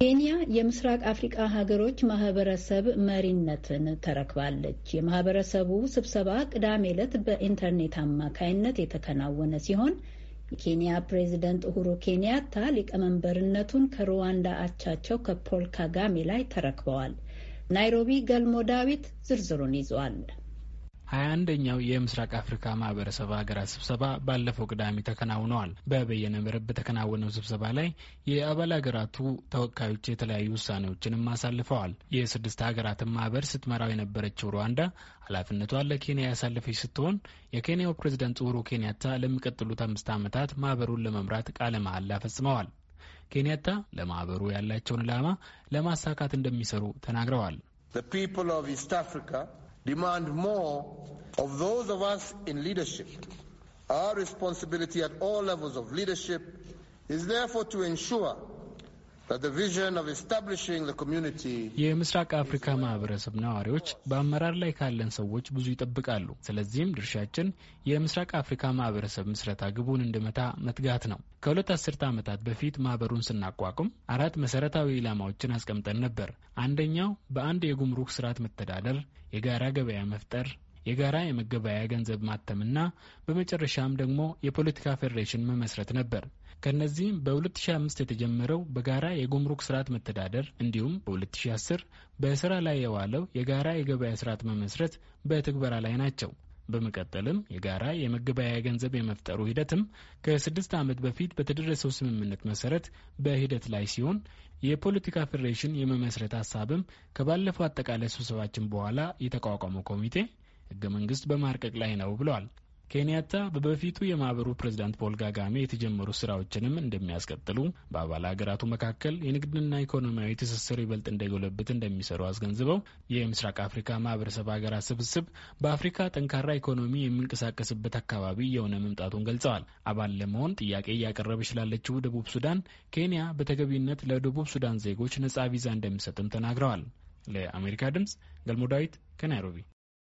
ኬንያ የምስራቅ አፍሪቃ ሀገሮች ማህበረሰብ መሪነትን ተረክባለች። የማህበረሰቡ ስብሰባ ቅዳሜ ዕለት በኢንተርኔት አማካይነት የተከናወነ ሲሆን የኬንያ ፕሬዚደንት ኡሁሩ ኬንያታ ሊቀመንበርነቱን ከሩዋንዳ አቻቸው ከፖል ካጋሜ ላይ ተረክበዋል። ናይሮቢ ገልሞ ዳዊት ዝርዝሩን ይዟል። ሀያ አንደኛው የምስራቅ አፍሪካ ማህበረሰብ ሀገራት ስብሰባ ባለፈው ቅዳሜ ተከናውነዋል። በበየነ መረብ በተከናወነው ስብሰባ ላይ የአባል ሀገራቱ ተወካዮች የተለያዩ ውሳኔዎችንም አሳልፈዋል። የስድስት ሀገራትን ማህበር ስትመራው የነበረችው ሩዋንዳ ኃላፊነቷን ለኬንያ ያሳለፈች ስትሆን የኬንያው ፕሬዚደንት ኡሁሩ ኬንያታ ለሚቀጥሉት አምስት ዓመታት ማህበሩን ለመምራት ቃለ መሐላ ፈጽመዋል። ኬንያታ ለማህበሩ ያላቸውን ዓላማ ለማሳካት እንደሚሰሩ ተናግረዋል። demand more of those of us in leadership. Our responsibility at all levels of leadership is therefore to ensure የምስራቅ አፍሪካ ማህበረሰብ ነዋሪዎች በአመራር ላይ ካለን ሰዎች ብዙ ይጠብቃሉ። ስለዚህም ድርሻችን የምስራቅ አፍሪካ ማህበረሰብ ምስረታ ግቡን እንድመታ መትጋት ነው። ከሁለት አስርተ ዓመታት በፊት ማህበሩን ስናቋቁም አራት መሰረታዊ ኢላማዎችን አስቀምጠን ነበር። አንደኛው በአንድ የጉምሩክ ስርዓት መተዳደር፣ የጋራ ገበያ መፍጠር፣ የጋራ የመገበያያ ገንዘብ ማተምና በመጨረሻም ደግሞ የፖለቲካ ፌዴሬሽን መመስረት ነበር። ከነዚህም በ2005 የተጀመረው በጋራ የጉምሩክ ስርዓት መተዳደር እንዲሁም በ2010 በስራ ላይ የዋለው የጋራ የገበያ ስርዓት መመስረት በትግበራ ላይ ናቸው። በመቀጠልም የጋራ የመገበያያ ገንዘብ የመፍጠሩ ሂደትም ከስድስት ዓመት በፊት በተደረሰው ስምምነት መሰረት በሂደት ላይ ሲሆን የፖለቲካ ፌዴሬሽን የመመስረት ሀሳብም ከባለፈው አጠቃላይ ስብሰባችን በኋላ የተቋቋመው ኮሚቴ ህገ መንግስት በማርቀቅ ላይ ነው ብለዋል። ኬንያታ በበፊቱ የማህበሩ ፕሬዚዳንት ፖል ጋጋሜ የተጀመሩ ስራዎችንም እንደሚያስቀጥሉ፣ በአባል ሀገራቱ መካከል የንግድና ኢኮኖሚያዊ ትስስር ይበልጥ እንደጎለብት እንደሚሰሩ አስገንዝበው የምስራቅ አፍሪካ ማህበረሰብ ሀገራት ስብስብ በአፍሪካ ጠንካራ ኢኮኖሚ የሚንቀሳቀስበት አካባቢ የሆነ መምጣቱን ገልጸዋል። አባል ለመሆን ጥያቄ እያቀረበች ላለችው ደቡብ ሱዳን ኬንያ በተገቢነት ለደቡብ ሱዳን ዜጎች ነጻ ቪዛ እንደሚሰጥም ተናግረዋል። ለአሜሪካ ድምጽ ገልሞ ዳዊት ከናይሮቢ